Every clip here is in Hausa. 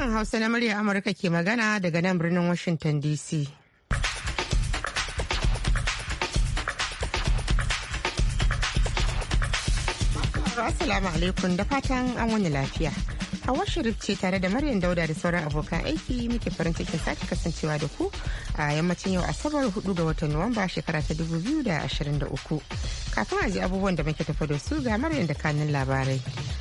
Sashen Hausa na murya Amurka ke magana daga nan birnin Washington DC. Assalamu alaikum da fatan an wani lafiya. Hawa Sharif ce tare da Maryam Dauda da sauran abokan aiki muke farin cikin sake kasancewa da ku a yammacin yau Asabar 4 ga watan Nuwamba shekara ta 2023. Kafin a ji abubuwan da muke tafa da su ga Maryam da kanin labarai.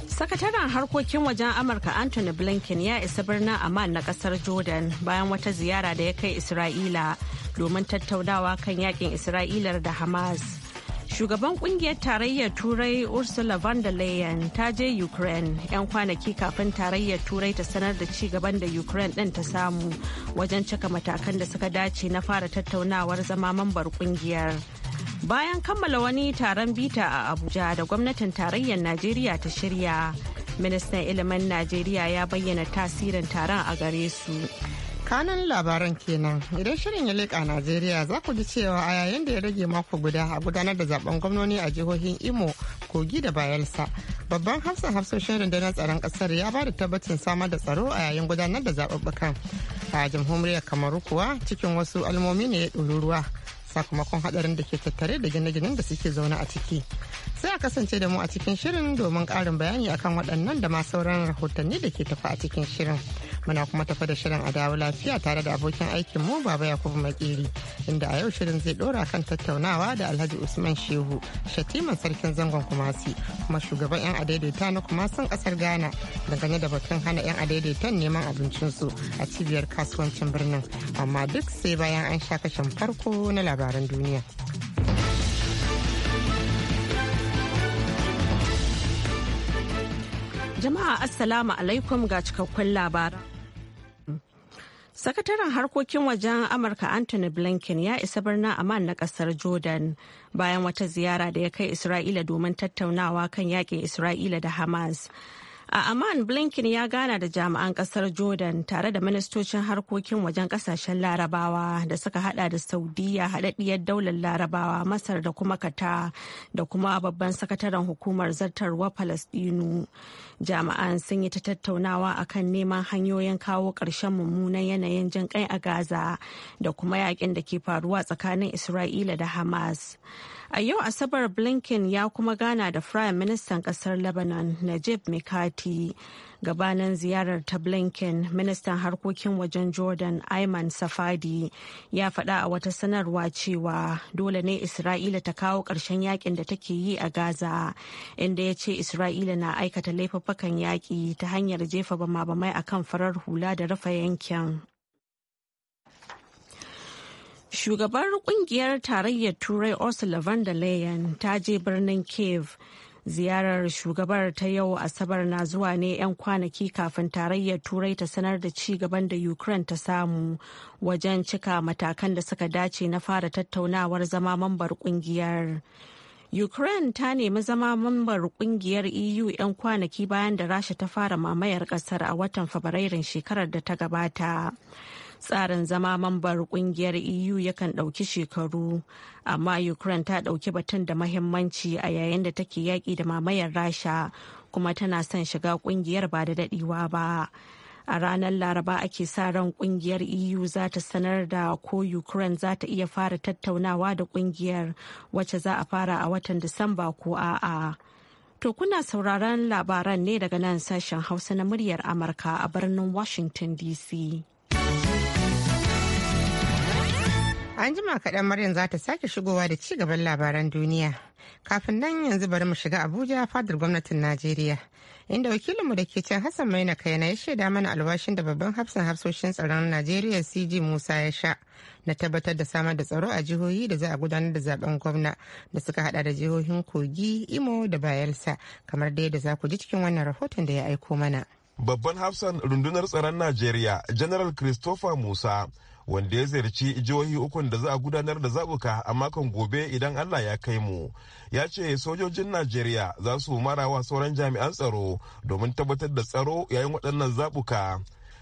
Sakataren harkokin wajen Amurka Anthony Blinken ya isa birnin Amman na kasar Jordan bayan wata ziyara da ya kai Isra'ila domin tattaunawa kan yakin Isra'ilar da Hamas. Shugaban kungiyar tarayyar Turai Ursula von der Leyen ta je Ukraine 'yan kwanaki kafin tarayyar Turai ta sanar da ci gaban da Ukraine ɗin ta samu wajen cika matakan da suka dace na fara tattaunawar zama mambar kungiyar. Bayan kammala wani taron bita a Abuja da gwamnatin tarayyar Najeriya ta shirya, ministan ilimin Najeriya ya bayyana tasirin taron a gare su. kanan labaran kenan idan shirin ya leƙa najeriya za ku ji cewa a yayin da ya rage mako guda a gudanar da zaben gwamnoni a jihohin imo kogi da bayelsa babban hafsan hafsoshin rundunar tsaron kasar ya ba da tabbacin samar da tsaro a yayin gudanar da zaɓuɓɓukan a jamhuriyar kamaru kuwa cikin wasu almomi ne ya ɗoruruwa sakamakon haɗarin da ke tattare da gine-ginen da suke zaune a ciki sai a kasance da mu a cikin shirin domin karin bayani akan waɗannan da ma sauran rahotanni da ke tafi a cikin shirin muna kuma tafi da shirin a dawo lafiya tare da abokin aikin mu baba yakubu makeri inda a yau shirin zai dora kan tattaunawa da alhaji usman shehu shatiman sarkin zangon kumasi kuma shugaban yan adaidaita na kumasin kasar ghana dangane da batun hana yan adaidaitan neman abincin su a cibiyar kasuwancin birnin amma duk sai bayan an sha kashin farko na labaran duniya. Jama'a Assalamu alaikum ga cikakkun labaran. Sakataren harkokin wajen Amurka Anthony Blinken ya isa birnin Amman na kasar Jordan bayan wata ziyara da ya kai Isra'ila domin tattaunawa kan yakin Isra'ila da Hamas. A Amman Blinken ya gana da jami'an kasar Jordan tare da ministocin harkokin wajen kasashen larabawa da suka hada da Saudiya haɗaɗɗiyar daular larabawa Masar da kuma Kata da kuma babban sakataren hukumar zartarwa Falasɗinu. Jami'an sun yi ta tattaunawa a kan neman hanyoyin kawo ƙarshen mummunan yanayin jin a Gaza da kuma yakin da ke faruwa tsakanin Isra'ila da Hamas. A yau Asabar Blinken ya kuma gana da Prime Ministan kasar Lebanon Najib Mikati. Gabanin ziyarar ta Blinken, ministan harkokin wajen Jordan Ayman Safadi ya faɗa a wata sanarwa cewa dole ne Isra'ila ta kawo ƙarshen yakin da take yi a Gaza, inda ya ce Isra'ila na aikata laifuffukan yaƙi ta hanyar jefa bama-bamai akan farar hula da rufe yankin. Shugabar kungiyar tarayyar Turai Ursula von der Leyen ta je birnin Kiev. Ziyarar shugabar ta yau Asabar na zuwa ne 'yan kwanaki kafin tarayyar Turai ta sanar da ci gaban da Ukraine ta samu wajen cika matakan da suka dace na fara tattaunawar zama mambar kungiyar. Ukraine ta nemi zama mambar kungiyar EU 'yan kwanaki bayan da Rasha ta fara mamayar kasar a watan Fabrairun shekarar da ta gabata. tsarin zama mambar kungiyar eu yakan ɗauki shekaru amma ukraine ta ɗauki batun da mahimmanci a yayin da take yaƙi da mamayar rasha kuma tana son shiga kungiyar ba da daɗewa ba a ranar laraba ake sa ran kungiyar eu za ta sanar da ko ukraine za ta iya fara tattaunawa da kungiyar wacce za a fara a watan disamba ko a'a to kuna sauraron labaran ne daga nan sashen hausa na muryar amurka a birnin washington dc An jima kaɗan Maryam za ta sake shigowa da ci gaban labaran duniya. Kafin nan yanzu bari mu shiga Abuja fadar gwamnatin Najeriya. Inda wakilinmu da ke can Hassan Maina Kaina ya shaida mana alwashin da babban hafsan hafsoshin tsaron Najeriya CG Musa ya sha na tabbatar da samar da tsaro a jihohi da za a gudanar da zaben gwamna da suka hada da jihohin Kogi, Imo da Bayelsa kamar da yadda za ku ji cikin wannan rahoton da ya aiko mana. Babban hafsan rundunar tsaron Najeriya, General Christopher Musa, wanda ya ziyarci jihohi ukun da za a gudanar da zabuka a makon gobe idan Allah ya kai mu ya ce sojojin Najeriya za su mara wa sauran jami'an tsaro domin tabbatar da tsaro yayin waɗannan zabuka.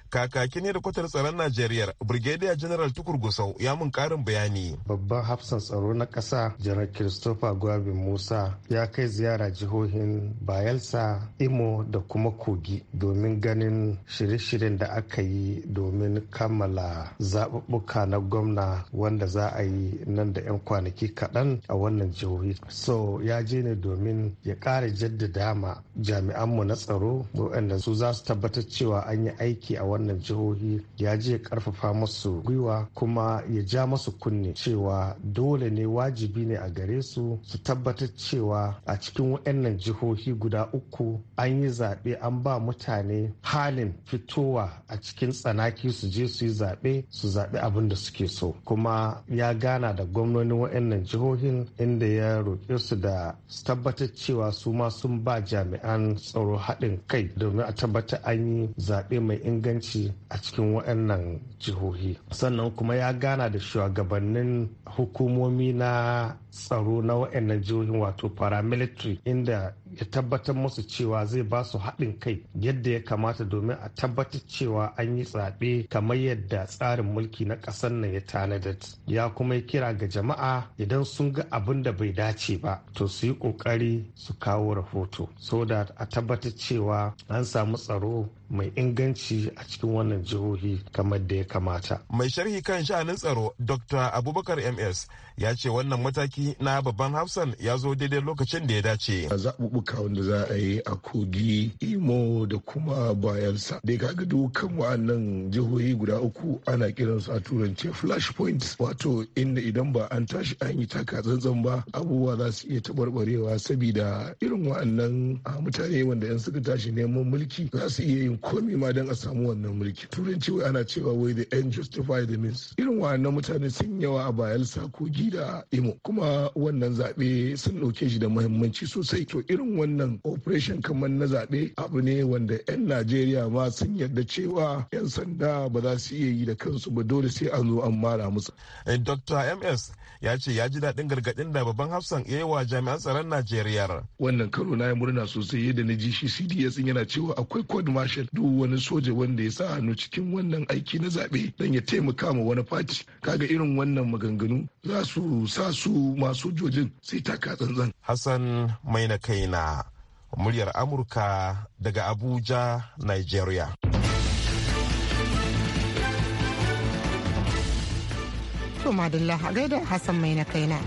kakakin ne da kwatar tsaron najeriya brigadier general tukur gusau ya mun karin bayani babban hafsan tsaro na ƙasa jiran christopher Gwabi musa ya kai ziyara jihohin bayelsa imo da kuma kogi domin ganin shirye-shiryen da aka yi domin kammala zaɓuɓɓuka na gwamna wanda za a yi nan da 'yan kwanaki kaɗan a wannan jihohi so ya je ne domin ya ƙara jaddada ma jami'anmu na tsaro waɗanda su za su tabbatar cewa an yi aiki a wannan jihohi ya je karfafa musu gwiwa kuma ya ja musu kunne cewa dole ne wajibi ne a gare su su tabbatar cewa a cikin waɗannan jihohi guda uku an yi zaɓe an ba mutane halin fitowa a cikin tsanaki su je su yi zaɓe su zaɓe abin da suke so kuma ya gana da gwamnonin waɗannan jihohin inda ya roƙe su da su tabbatar cewa su ma sun ba jami'an tsaro haɗin kai domin a tabbatar an yi zaɓe mai inganci adalci a cikin waɗannan jihohi sannan kuma ya gana da shugabannin hukumomi na tsaro na waɗannan jihohin wato paramilitary inda ya tabbatar musu cewa zai ba su haɗin kai yadda ya kamata domin a tabbatar cewa an yi zaɓe kamar yadda tsarin mulki na ƙasar nan ya tanadar ya kuma ya kira ga jama'a idan sun ga abin da bai dace ba to su yi ƙoƙari su kawo rahoto so da a tabbatar cewa an samu tsaro mai inganci a cikin wannan jihohi kamar da ya kamata. Mai sharhi kan sha'anin tsaro Dr. Abubakar MS ya ce wannan mataki na babban hafsan ya zo daidai lokacin da ya dace. a zaɓuɓɓuka wanda za a yi a kogi imo da kuma bayelsa da ya kaga dukan wa'annan jihohi guda uku ana kiransu a turance flash points wato inda idan ba an tashi an yi taka tsantsan ba abubuwa za su iya taɓarɓarewa sabida irin wa'annan mutane wanda yan suka tashi neman mulki za su iya yin komi ma don a samu wannan mulki turanci wai ana cewa wai the end justify the means irin wa'annan mutane sun yawa a bayelsa kogi da Imo kuma wannan zaɓe sun ɗauke shi da muhimmanci sosai to irin wannan operation kamar na zaɓe abu ne wanda 'yan Najeriya ma sun yarda cewa 'yan sanda ba za su iya yi da kansu ba dole sai an zo an mara musu. Eh, Dr. MS ya ce ya ji daɗin gargaɗin da babban hafsan ya yi wa jami'an tsaron Najeriya. Wannan karo na ya murna sosai yadda na ji shi CDS yana cewa akwai code marshal duk wani soja wanda ya sa hannu cikin wannan aiki na zaɓe don ya taimaka ma wani fati kaga irin wannan maganganu za su su sa su masu jojin sai taka tsantsan. Hassan mai na kaina muryar Amurka daga Abuja, Nigeria. To madalla a gaida Hassan mai na kaina.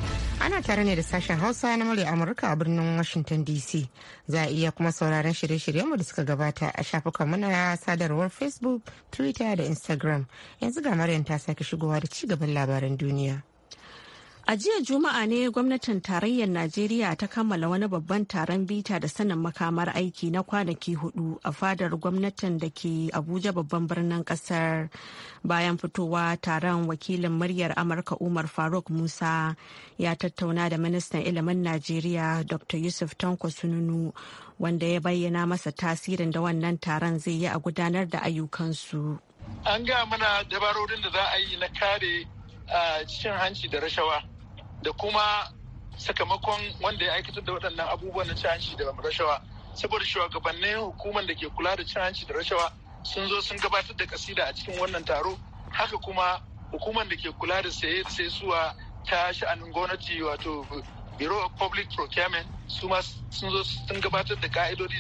Ana tare ne da sashen Hausa na murya Amurka a birnin Washington DC. Za a iya kuma sauraron shirye-shiryenmu da suka gabata a shafukan muna sadarwar Facebook, Twitter da Instagram. Yanzu ga Maryam ta sake shigowa da ci gaban labaran duniya. A jiya Juma'a ne gwamnatin tarayyar Najeriya ta kammala wani babban taron bita da sanin makamar aiki na kwanaki hudu a fadar gwamnatin da ke Abuja babban birnin kasar. Bayan fitowa taron wakilin muryar Amurka Umar Faruk Musa ya tattauna da ministan ilimin Najeriya Dr. Yusuf Tanko Sununu wanda ya bayyana masa tasirin da wannan taron zai yi a gudanar da ayyukansu. An ga mana dabarorin da za a yi na kare cin hanci da rashawa da kuma sakamakon wanda ya aikatar da waɗannan abubuwan na cin hanci da rashawa saboda shugabannin hukumar da ke kula da cin hanci da rashawa sun zo sun gabatar da kasida a cikin wannan taro haka kuma hukumar da ke kula da saye da saisuwa ta sha'anin gwamnati wato biro of public procurement su ma sun zo sun gabatar da ka'idodi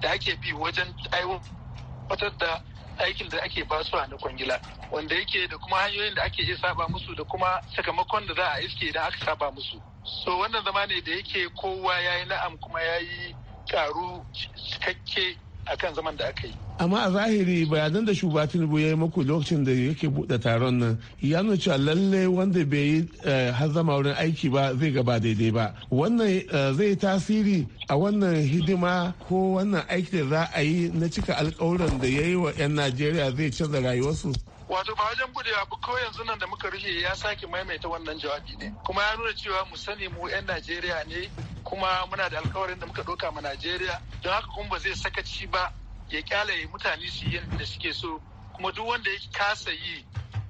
da ake bi wajen aiwatar da aikin da ake ba a na kwangila wanda yake da kuma hanyoyin da ake iya saba musu da kuma sakamakon da za a iske idan aka saba musu so wannan zama ne da yake kowa ya yi na'am kuma ya yi karu cikakke akan zaman da aka yi amma a zahiri bayanan da shugaba tinubu ya yi muku lokacin da yake buɗe taron nan ya nuna cewa lalle wanda bai yi eh, hazama wurin aiki ba zai gaba daidai ba wannan eh, zai tasiri a wannan hidima ko wannan aiki da za a yi na cika alkawuran da ya yi wa 'yan najeriya zai canza rayuwarsu wato ba wajen gudu ba kawai yanzu nan da muka rufe ya sake maimaita wannan jawabi ne kuma ya nuna cewa mu sani mu 'yan najeriya ne kuma muna da alkawarin da muka ɗauka ma najeriya don haka kuma ba zai sakaci ba ya kyale mutane su yi yadda suke so kuma duk wanda ya kasa yi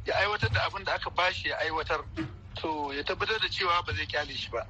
ya aiwatar da abin da aka bashi ya aiwatar to ya tabbatar da cewa ba zai kyale shi ba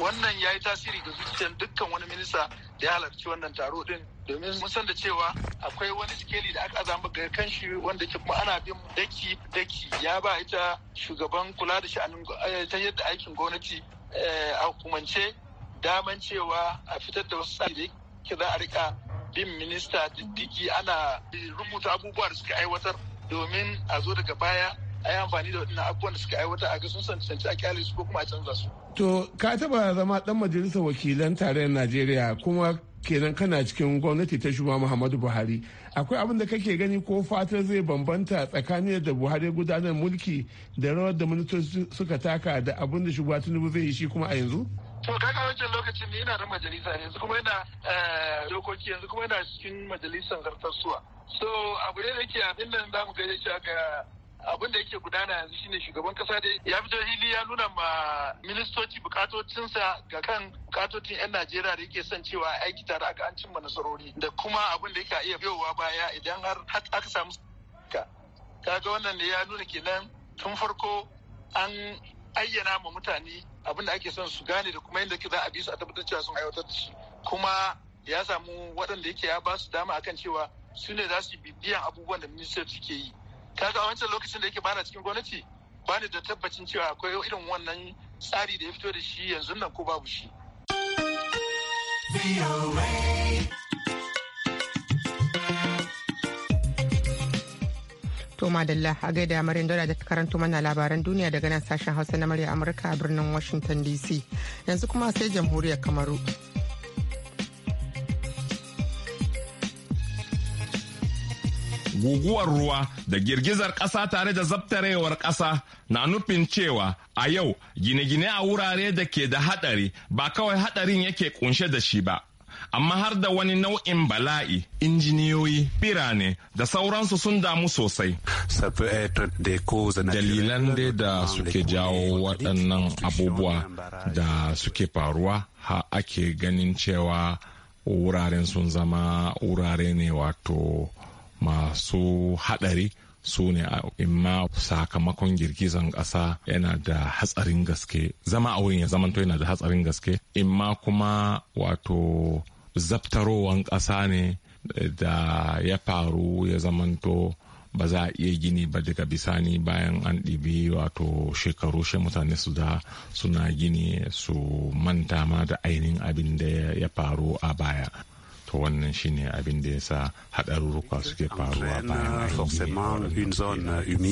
wannan ya yi tasiri ga zuciyar dukkan wani minista da ya halarci wannan taro din domin mun san da cewa akwai wani skeli da aka azama ga kan shi wanda ke kuma ana bin daki daki ya ba ita shugaban kula da sha'anin eh, ta yadda aikin gwamnati eh, a hukumance daman cewa a fitar da wasu tsari da za a rika bin minista diddigi ana rubuta abubuwa da suka aiwatar domin a zo daga baya a yi amfani da waɗannan abubuwan da suka aiwatar a ga sun cancanci a kyale su ko kuma a canza su. To ka taba zama dan majalisar wakilan tarayyar Najeriya kuma kenan kana cikin gwamnati ta shugaba Muhammadu Buhari. Akwai abin da kake gani ko fatar zai bambanta tsakanin da Buhari gudanar mulki da rawar da ministoci suka taka da abin da shugaba Tinubu zai yi shi kuma a yanzu? to kaga wancan lokacin ne yana da majalisa yanzu kuma yana eh, dokoki yanzu kuma yana cikin majalisar zartarsuwa so abu ne da ke abin nan za mu gaje cewa ga abin da yake gudana yanzu shine shugaban kasa da ya fito hili ya nuna ma ministoci bukatocinsa ga kan bukatocin 'yan najeriya da yake son cewa aiki tare aka an cimma nasarori da kuma abin da yake iya biyowa baya idan har aka samu ka kaga wannan ne ya nuna kenan tun farko an ayyana ma mutane abin da ake son su gane da kuma yadda za a bi su a tabbatar cewa sun aiwatar da shi kuma ya samu waɗanda yake ya ba su dama akan cewa su ne za su bibiyan abubuwan da minister ke yi kaga a wancan lokacin da yake na cikin gwamnati ba ni da tabbacin cewa akwai irin wannan tsari da ya fito da shi yanzu nan ko babu shi. To madalla a gaida Maryam dola da ta karanto mana labaran duniya daga nan sashen Hausa na murya Amurka a birnin Washington DC. Yanzu kuma sai jamhuriyar Kamaru. guguwar ruwa da girgizar ƙasa tare da zabtarewar ƙasa na nufin cewa a yau gine-gine a wurare da ke da haɗari ba kawai haɗarin yake kunshe da shi ba amma har da wani nau'in bala'i injiniyoyi birane da sauransu sun damu sosai dalilan dai da suke jawo waɗannan abubuwa da suke faruwa ha ake ganin cewa wuraren sun zama wurare ne wato masu haɗari su ne a imma sakamakon girgizan ƙasa yana da hatsarin gaske zama a wurin ya zamanto yana da hatsarin gaske imma kuma wato zaftarowan ƙasa ne da ya faru ya zamanto ba za a iya gini ba daga bisani bayan an ɗibi wato shekaru shi mutane su da suna gini su manta ma da ainihin abin da ya faru a baya to wannan shine abin da ya sa haɗarurruka suke faruwa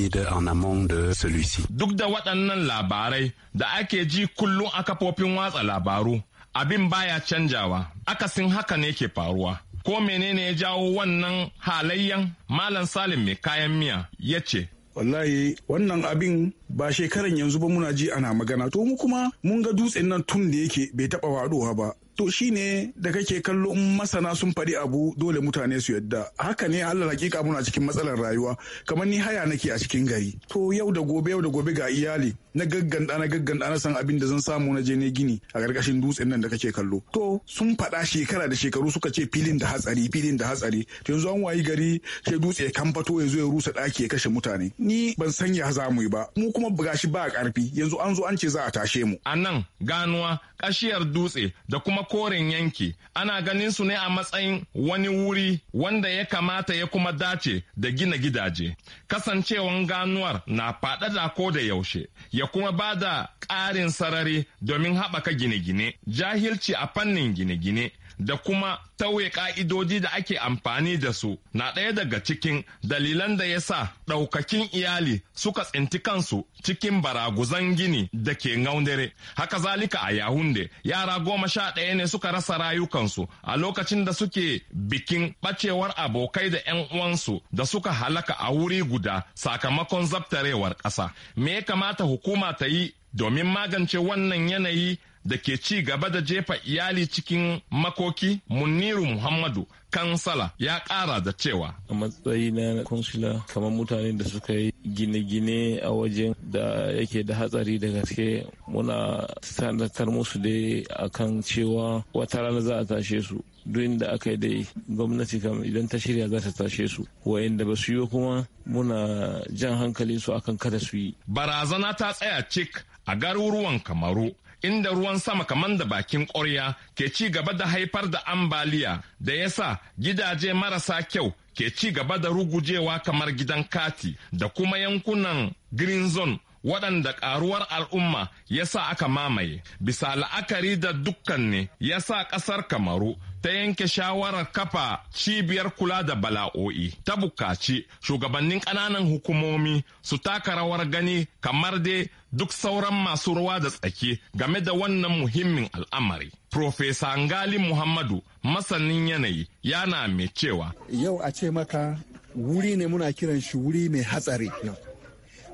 bayan duk da waɗannan labarai da ake ji kullum a kafofin watsa labaru abin baya canjawa akasin haka ne ke faruwa ko menene ya jawo wannan halayyan malam salim mai kayan miya ya ce wallahi wannan abin ba shekaran yanzu ba muna ji ana magana to mu kuma mun ga dutsen nan tun da yake bai taba waduwa ba to shi ne da kake kallo in masana sun faɗi abu dole mutane su yadda haka ne allah hakika muna cikin matsalar rayuwa kamar ni haya nake a cikin gari to yau da gobe yau da gobe ga iyali na gagganda na gagganda na san abin da zan samu na je ne gini a ƙarƙashin dutsen nan da kake kallo to sun faɗa shekara da shekaru suka ce filin da hatsari filin da hatsari to yanzu an wayi gari sai dutse ya kamfato ya zo ya rusa ɗaki ya kashe mutane ni ban san ya za mu yi ba mu kuma shi ba ƙarfi yanzu an zo an ce za a tashe mu a nan ganuwa kashiyar dutse da kuma koren yanki ana ganin su ne a matsayin wani wuri wanda ya kamata ya kuma dace da gina gidaje kasancewan ganuwar na faɗaɗa ko da yaushe ya kuma ba da ƙarin sarari domin haɓaka gine-gine, jahilci a fannin gine-gine da kuma tauye ƙa'idodi da ake amfani da su na ɗaya daga cikin dalilan da ya sa ɗaukakin iyali suka tsinci kansu cikin baraguzan gini da ke ngaundare. Haka zalika a Yahunde, yara goma sha ɗaya ne suka rasa rayukansu a lokacin da suke bikin ɓacewar abokai da 'yan uwansu da suka halaka a wuri guda sakamakon zabtarewar ƙasa. Me ya kamata hukuma ta yi domin magance wannan yanayi da ke ci gaba da jefa iyali cikin makoki muniru muhammadu kansala ya kara da cewa a matsayi na kansila kamar mutane da suka yi gine-gine a wajen da yake da hatsari da gaske muna sanatar musu dai akan cewa wata rana za a tashe su duk da aka yi dai gwamnati kam idan ta shirya za ta tashe su wa'inda ba su yi kuma muna jan hankali su akan kada su yi barazana ta tsaya cik a garuruwan kamaru inda ruwan sama kamar da bakin ƙwarya ke ci gaba da haifar da ambaliya da ya sa gidaje marasa kyau ke ci gaba da rugujewa kamar gidan kati da kuma yankunan green zone waɗanda ƙaruwar al'umma ya sa aka mamaye bisa la'akari da dukkan ne ya sa ƙasar kamaru ta yanke shawarar kafa cibiyar kula da bala'o'i ta bukaci shugabannin ƙananan hukumomi su taka rawar gani kamar dai duk sauran masu ruwa da tsaki game da wannan muhimmin al'amari. Profesa Ngali Muhammadu masanin yanayi yana mai cewa. Yau a ce maka wuri ne muna kiran shi wuri mai hatsari.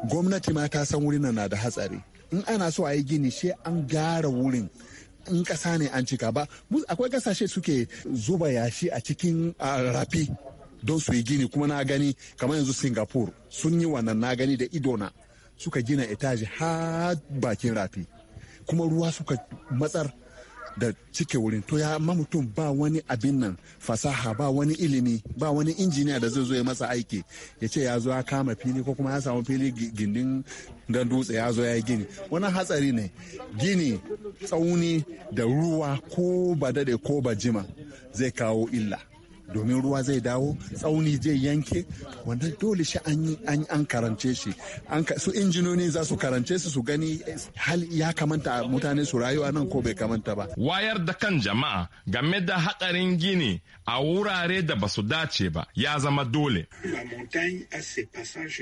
gwamnati ma ta san wurin na da hatsari in ana so a yi gini shi an gara wurin in ƙasa ne an cika ba akwai ƙasashe suke zuba yashi a cikin rafi don su yi gini kuma na gani kamar yanzu singapore sun yi wannan na gani da idona suka gina itaji har bakin rafi kuma ruwa suka matsar da cike wurin to ya amma mutum ba wani abin nan fasaha ba wani ilimi ba wani injiniya da zai zo ya masa aiki ya ce ya zo ya kama fili ko kuma ya samu fili gindin dan dutse ya zo ya yi gini wani hatsari ne gini tsauni da ruwa ko ba dade ko ba jima zai kawo illa domin ruwa zai dawo tsauni zai yanke wannan dole shi an karance shi su injinoni za su karance su su gani hal ya kamanta mutane su rayuwa nan ko bai kamanta ba wayar da kan jama'a game da hatsarin gini a wurare da ba su dace ba ya zama dole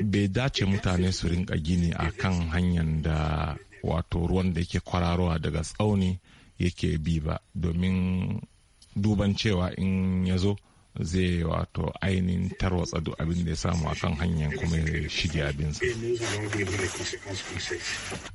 bai dace mutane su rinka gini a kan hanyar da wato ruwan da yake kwararowa daga tsauni yake bi ba domin duban cewa in ya zo zai wato ainihin tarwatsa duk abin da ya samu a kan hanyar kuma ya shige abinsa.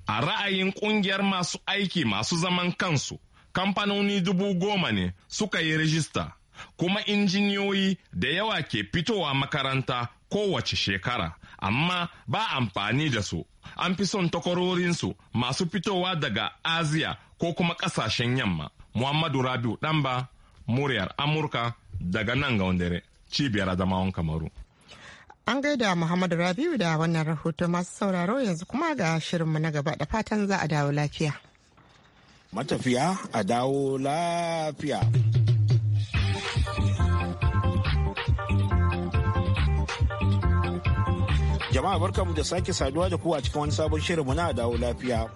A ra'ayin kungiyar masu aiki masu zaman kansu, kamfanoni dubu goma ne suka yi rijista, kuma injiniyoyi da yawa ke fitowa makaranta kowace shekara, amma ba amfani da su. An fi son takwarorinsu masu fitowa daga Aziya ko kuma kasashen yamma. Muhammadu Rabiu ba muryar Amurka daga nan ga wandere cibiyar adamawan kamaru an gaida muhammadu rabiu da wannan rahoto masu sauraro yanzu kuma ga shirinmu na gaba da fatan za a dawo lafiya matafiya a dawo lafiya jama'a barkamu da sake saduwa da ku a cikin wani sabon shirinmu na dawo lafiya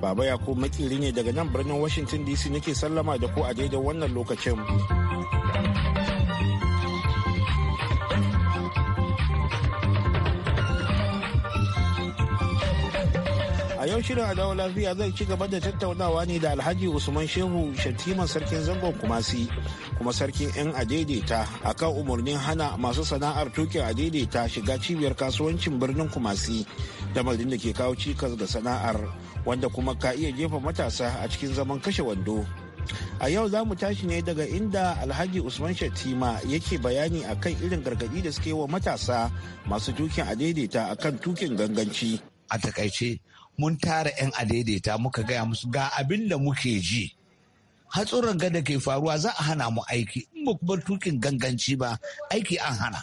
baba ya ko makiri ne daga nan birnin washington dc nake sallama da ku a daidai wannan lokacin yau shirin adawa lafiya zai ci gaba da tattaunawa ne da Alhaji Usman Shehu Shatiman sarkin zangon Kumasi kuma sarkin 'yan adaidaita akan umarnin hana masu sana'ar tukin adaidaita shiga cibiyar kasuwancin birnin Kumasi lamarin da ke kawo cikas ga sana'ar wanda kuma ka iya jefa matasa a cikin zaman kashe wando. a yau za mu tashi ne daga inda alhaji usman shatima yake bayani akan irin gargadi da suke wa matasa masu tukin a kan akan tukin ganganci a takaice mun tara 'yan adaidaita muka gaya musu ga abin da muke ji hatsuran gada ke faruwa za a hana mu aiki in ba bar tukin ganganci ba aiki an hana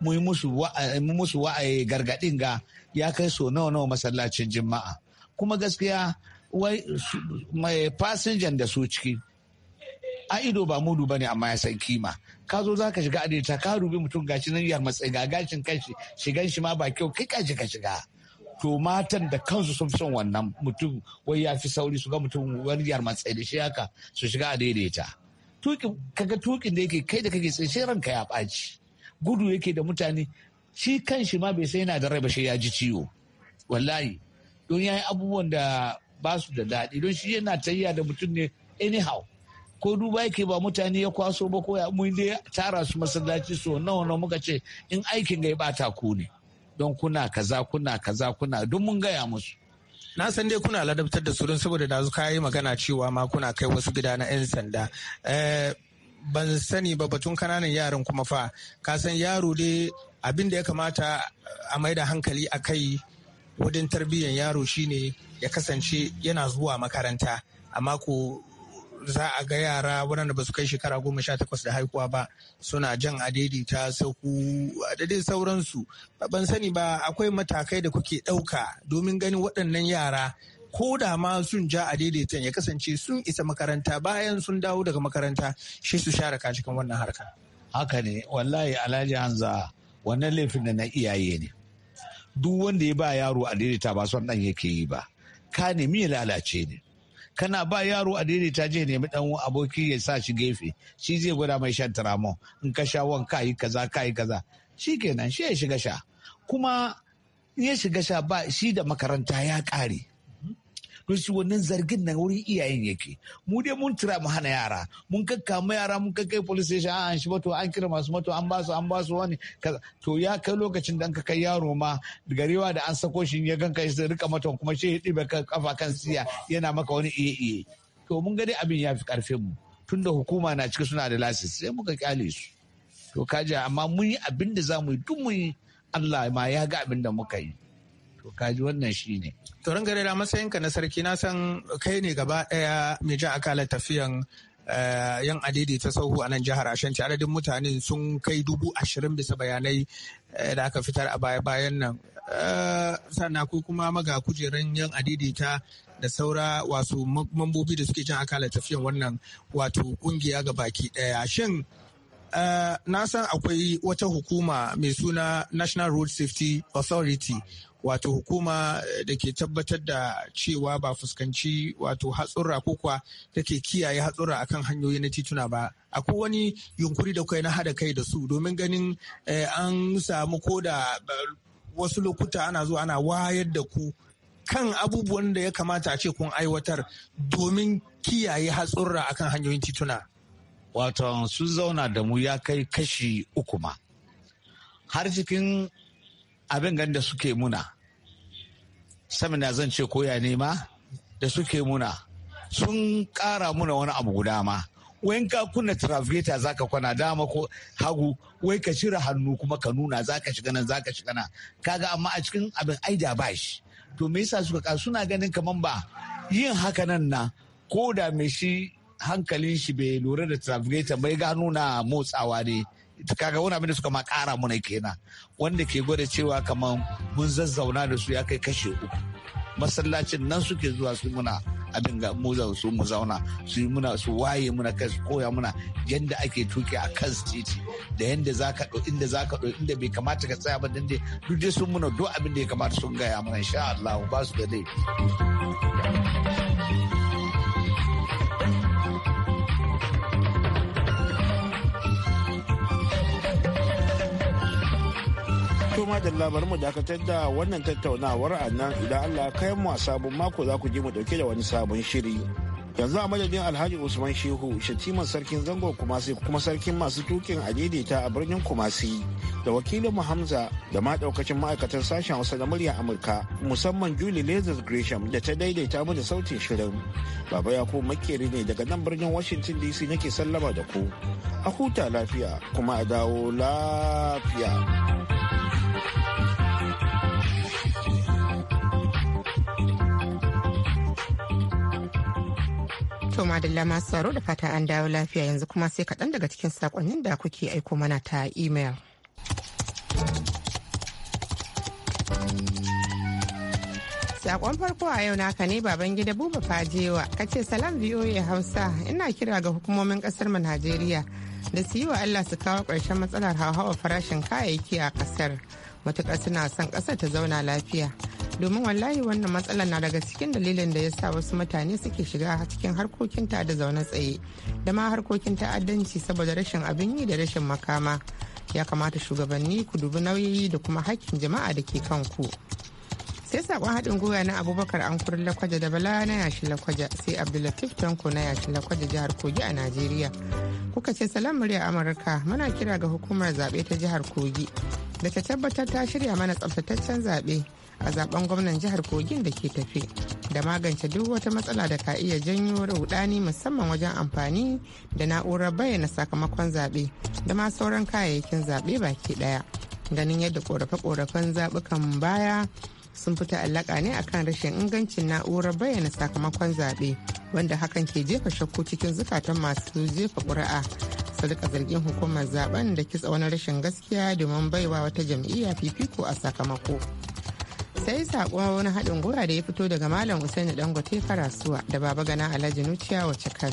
mu yi musu eh, wa'aye gargaɗin ga ya kai so nawa nawa masallacin jima'a kuma gaskiya wai mai fasinjan da su ciki a ido ba mudu ba ne amma ya san kima ka zo za ka shiga adeta ka rubi mutum gashi nan yar matsayi ga gashin kanshi shigan shi ma ba kyau kai ka ka shiga to matan da kansu sun fi son wannan mutum wai ya fi sauri su ga mutum wani yar matsayi da shi haka su shiga a daidaita tukin kaga tukin da yake kai da kake tsaye ranka ya ɓaci gudu yake da mutane shi kan shi ma bai sai yana da rai ba shi ya ji ciwo wallahi don ya yi abubuwan da ba su da daɗi don shi yana tayya da mutum ne anyhow ko duba yake ba mutane ya kwaso ba ko ya mun dai tara su masallaci so nawa nawa muka ce in aikin ga ya bata ku ne don kuna kaza kuna kaza kuna duk mun gaya musu na san dai kuna ladabtar da su don saboda da ka yi magana cewa ma kuna kai wasu gida na 'yan sanda eh, ban sani ba batun kananan yaran kuma fa ka san yaro dai abin da ya kamata a mai da hankali a kai wajen tarbiyyar yaro shine ya kasance yana zuwa makaranta amma ku za a ga yara waɗanda ba su kai shekara goma sha takwas da haikuwa ba suna jan adaidaita sauku a daidai sauransu ban sani ba akwai matakai da kuke ɗauka domin ganin waɗannan yara ko da ma sun ja a daidaitan ya kasance sun isa makaranta bayan sun dawo daga makaranta shi su share ka cikin wannan harka. Haka ne, wallahi Alhaji Hanza wannan laifin da na iyaye ne. Duk wanda ya ba yaro a daidaita ba son ɗan yake yi ba, ka ne ya lalace ne. kana ba yaro a daidaita je nemi dan aboki ya sa shi gefe shi zai gwada mai shan tiramo in ka sha wan ka kaza kai kaza shi kenan shi ya shiga sha kuma ya shiga sha ba shi da makaranta ya kare don shi wannan zargin na wurin iyayen yake mu dai mun tira mu hana yara mun kakkama yara mun kakkai police station an shi mato an kira masu mato an basu an basu wani to ya kai lokacin da an kai yaro ma garewa da an sako shi ya ganka shi rika mata kuma shi ya ɗibe kafa kan siya yana maka wani iye iye to mun ga dai abin ya fi karfin mu tunda hukuma na ciki suna da lasis sai muka kyale su to kaji amma mun yi abin da za mu yi duk mun yi Allah ma ya ga abin da muka yi to kaji wannan shi ne. Turin gare da matsayinka na sarki na san kai ne gaba ɗaya mai jan akalar tafiyan eh, yan adidi ta sauhu a nan jihar ashanti adadin mutane sun kai dubu ashirin bisa bayanai eh, da aka fitar a baya bayan nan eh, sannan ko kuma maga kujerun yan adidi ta da saura wasu mambobi da suke jan akalar tafiyan wannan wato kungiya ga baki daya shin na san akwai wata hukuma mai suna national road safety authority wato hukuma eh, da ke tabbatar da cewa ba fuskanci wato hatsura ko kuwa take kiyaye hatsura akan hanyoyi na tituna ba akwai wani yunkuri da kai na hada kai da su domin ganin eh, an samu ko da eh, wasu lokuta ana zuwa ana wayar da ku kan abubuwan da ya kamata a ce kun aiwatar domin kiyaye hatsura akan hanyoyin tituna wato sun zauna da mu ya kai kashi uku ma har cikin abin da suke muna samina zan ce koya ne ma da suke muna sun ƙara muna wani abu guda ma wayan ka kunna trafigata za ka kwana dama ko hagu wai ka cire hannu kuma ka nuna za ka shiga nan za ka shiga nan kaga amma a cikin abin aida ba shi to me yasa suka ƙara suna ganin kaman ba yin haka nan na ko da me shi hankalin shi bai lura da trafigata bai gano na motsawa ne kaga wani abin da suka ma kara muna kenan wanda ke gwada cewa kamar mun zazzauna da su ya kai kashe uku masallacin nan suke zuwa su muna abin ga mu su mu zauna su yi muna su waye muna kai su koya muna yadda ake tuki a kan titi da yadda za ka ɗo, inda za ka ɗo, inda bai kamata ka tsaya ba dan dai duk dai sun muna duk abin da ya kamata sun gaya mana insha Allah ba su da laifi. ma da labarin mu dakatar da wannan tattaunawar a nan idan Allah kai mu a sabon mako za ku ji mu dauke da wani sabon shiri. Yanzu a madadin Alhaji Usman Shehu, shatiman sarkin zango Kumasi kuma sarkin masu tukin adaidaita a birnin Kumasi da wakilin mu Hamza da ma daukacin ma'aikatan sashen Hausa da murya Amurka musamman Julie Lazarus Gresham da ta daidaita mu da sautin shirin. Baba ya Yakubu Makeri ne daga nan birnin Washington DC nake sallama da ku. A huta lafiya kuma a dawo lafiya. To madalla masu tsaro da fata an dawo lafiya yanzu kuma sai kaɗan daga cikin sakonnin da kuke aiko mana ta email. saƙon farko a yau naka ne baban gida buba fajewa kace salam VOA Hausa ina kira ga hukumomin kasar mu Najeriya da su yi wa Allah su kawo ƙarshen matsalar hauhawar farashin kayayyaki a ƙasar. matuƙar suna son ƙasa ta zauna lafiya domin wallahi wannan matsala na daga cikin dalilin da ya sa wasu mutane suke shiga cikin harkokin ta da zaune tsaye da ma harkokin ta'addanci saboda rashin abin yi da rashin makama ya kamata shugabanni ku dubi nauyi da kuma hakkin jama'a da ke kanku. sai sabon haɗin gwiwa na abubakar an kurin lakwaja da bala na yashin lakwaja sai abdullatif tanko na yashin lakwaja jihar kogi a najeriya kuka ce salam murya amurka muna kira ga hukumar zaɓe ta jihar kogi da ta tabbatar ta shirya mana tsaftataccen zaɓe a zaben gwamnan jihar kogin da ke tafe da magance duk wata matsala da ka iya janyo rudani musamman wajen amfani da na'urar bayyana sakamakon zaɓe da ma sauran kayayyakin zaɓe baki ɗaya ganin yadda korafe-korafen zaɓukan baya sun fi ta'allaka ne akan rashin ingancin na'urar bayyana sakamakon zaɓe wanda hakan ke jefa shakku cikin zukatan masu jefa ƙuri'a su rika zargin hukumar zaben da kitsa wani rashin gaskiya domin baiwa wata jam'iyya fifiko a sakamako sai saƙo wani haɗin gura da ya fito daga malam usaini dangote karasuwa da baba gana alhaji nuciya wace kan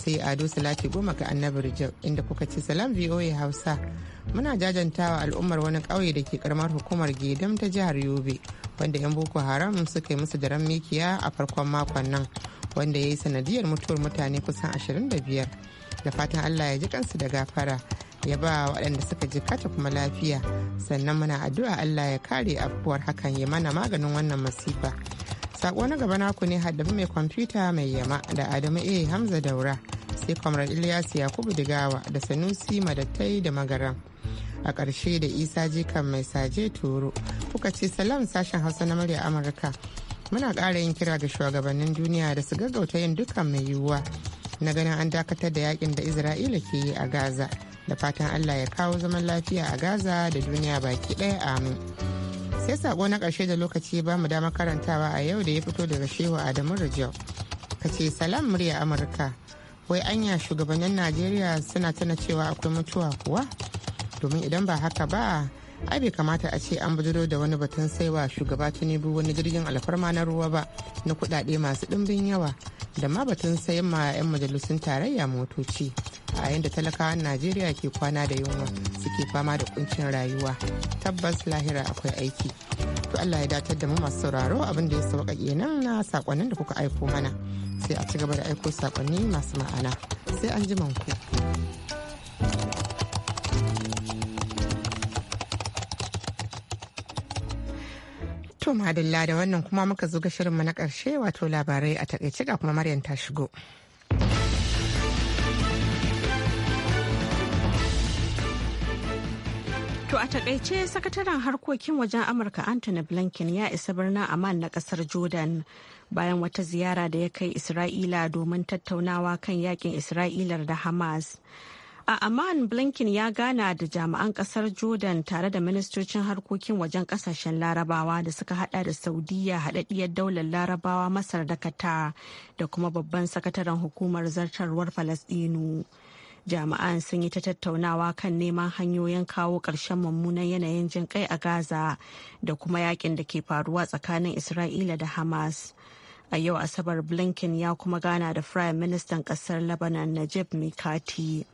sai ado salati goma ga annabi rijal inda kuka ce salam voa hausa muna jajantawa al'ummar wani ƙauye da ke karamar hukumar gedam ta jihar yobe wanda 'yan boko haram suka yi musu daren mikiya a farkon makon nan wanda ya yi sanadiyar mutuwar mutane kusan ashirin da biyar da fatan allah ya ji kansu da gafara ya ba waɗanda suka ji kata kuma lafiya sannan muna addu'a allah ya kare afuwar hakan ya mana maganin wannan masifa Sako na gaba naku ne haddabi mai kwamfuta mai yama da Adamu A. Hamza Daura sai Kwamrar Ilyas Yakubu Digawa da Sanusi Madattai da magaran A ƙarshe da Isa Jikan mai saje toro kuka ce salam sashen Hausa na murya Amurka. Muna ƙara yin kira ga shugabannin duniya da su gaggauta yin dukkan mai yiwuwa na ganin an dakatar da yakin da Isra'ila ke yi a Gaza. da fatan Allah ya kawo zaman lafiya a Gaza da duniya baki ɗaya amin. sai sako na ƙarshe da lokaci ba mu dama karantawa a yau da ya fito daga shehu adamu rijau ka ce salam murya amurka wai anya shugabannin najeriya suna tana cewa akwai mutuwa kuwa domin idan ba haka ba a bai kamata a ce an bujiro da wani batun saiwa shugaba tinubu wani jirgin alfarma na ruwa ba na kudade masu dimbin yawa da ma batun sayan ma 'yan majalisun tarayya motoci a yayin da talakawan najeriya ke kwana da yunwa suke fama da kuncin rayuwa tabbas lahira akwai aiki to allah ya datar da mu masu sauraro abin da ya sauka kenan na sakonnin da kuka aiko mana sai a ci gaba da aiko sakonni masu ma'ana sai an ji ku. To madalla da wannan kuma muka zo ga shirinmu na karshe wato labarai a takaice ga kuma Maryam ta shigo. To a takaice sakataren harkokin wajen Amurka Anthony Blinken ya isa birnin Amman na kasar Jordan bayan wata ziyara da ya kai Isra'ila domin tattaunawa kan yakin Isra'ilar da Hamas. a amman blinken ya gana da jami'an kasar jordan tare da ministocin harkokin wajen kasashen larabawa da suka hada da saudiya haɗaɗɗiyar daular larabawa masar da qatar da kuma babban sakataren hukumar zartarwar Falasɗinu jami'an sun yi ta tattaunawa kan neman hanyoyin kawo ƙarshen mummunan yanayin jin a gaza da kuma yakin da ke faruwa tsakanin isra'ila da hamas a yau asabar blinken ya kuma gana da prime ministan kasar lebanon najib mikati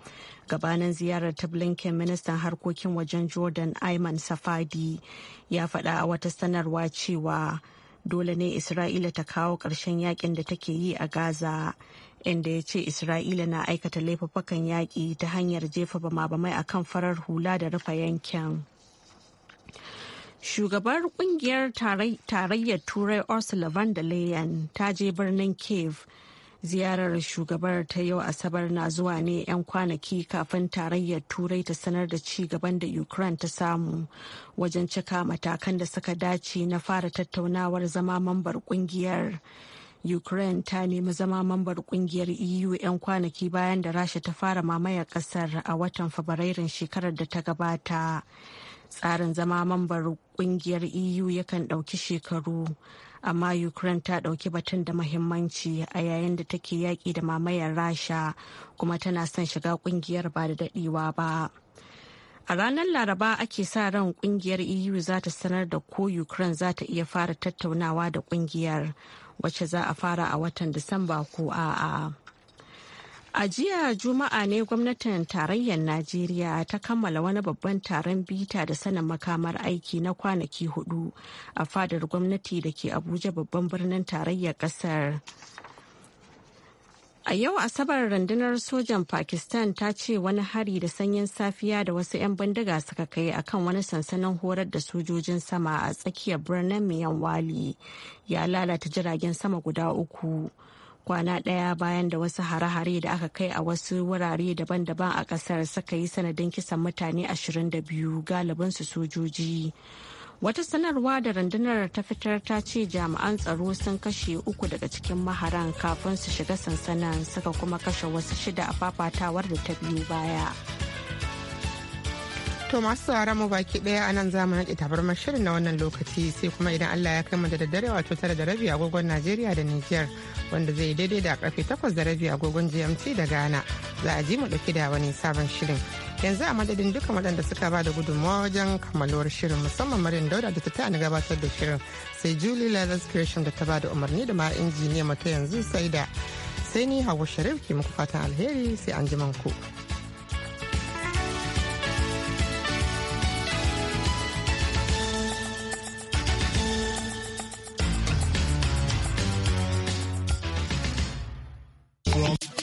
gabanin ziyarar ta blinken ministan harkokin wajen jordan ayman safadi ya faɗa a wata sanarwa cewa dole ne isra'ila ta kawo ƙarshen yakin da take yi a gaza inda ya ce isra'ila na aikata laifafakan yaƙi ta hanyar jefa bama-bamai akan farar hula da rufa yankin shugabar kungiyar tarayyar turai ursula von der ta je birnin kiev ziyarar shugabar ta yau asabar na zuwa ne 'yan kwanaki kafin tarayyar turai ta sanar da ci gaban da ukraine ta samu wajen cika matakan da suka dace na fara tattaunawar zama mambar kungiyar ukraine ta nemi zama mambar kungiyar eu 'yan kwanaki bayan da rasha ta fara mamayar kasar a watan fabrairun shekarar da ta gabata tsarin zama mambar kungiyar eu yakan ɗauki shekaru amma ukraine ta ɗauki batun da mahimmanci a yayin da take yaƙi da mamayar rasha kuma tana son shiga kungiyar ba da daɗewa ba a ranar laraba ake sa ran kungiyar eu za ta sanar da ko ukraine za ta iya fara tattaunawa da kungiyar wacce za a fara a watan disamba ko a'a. A jiya Juma'a ne gwamnatin tarayyar Najeriya ta kammala wani babban taron bita da sanin makamar aiki na kwanaki hudu a fadar gwamnati da ke Abuja babban birnin tarayyar kasar. A yau Asabar rundunar sojan Pakistan ta ce wani hari da sanyin safiya da wasu 'yan bindiga suka kai akan wani sansanin horar da sojojin sama a tsakiyar birnin Miyanwali ya lalata jiragen sama guda uku. kwana ɗaya bayan da wasu hare-hare da aka kai a wasu wurare daban-daban a ƙasar suka yi sanadin kisan mutane 22 galibinsu sojoji. Wata sanarwa da rundunar ta fitar ta ce jami'an tsaro sun kashe uku daga cikin maharan kafin su shiga sansanin suka kuma kashe wasu shida a fafatawar da ta biyu baya. To masu sauraron mu baki daya a nan zamu naɗe tabarmar shirin na wannan lokaci sai kuma idan Allah ya kai mu da daddare wato tara da rabi agogon Najeriya da Nijar wanda zai daidai da karfe takwas da rabi agogon GMT da Ghana za a ji mu dauki da wani sabon shirin. Yanzu a madadin duka waɗanda suka ba da gudunmawa wajen kammaluwar shirin musamman Maryam Dauda da ta ta gabatar da shirin sai Julie Lazarus Creation da ta ba da umarni da ma injiniya mata yanzu sai da sai ni Hawwa Sharif ke muku fatan alheri sai an ku.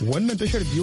Wannan tashar biyu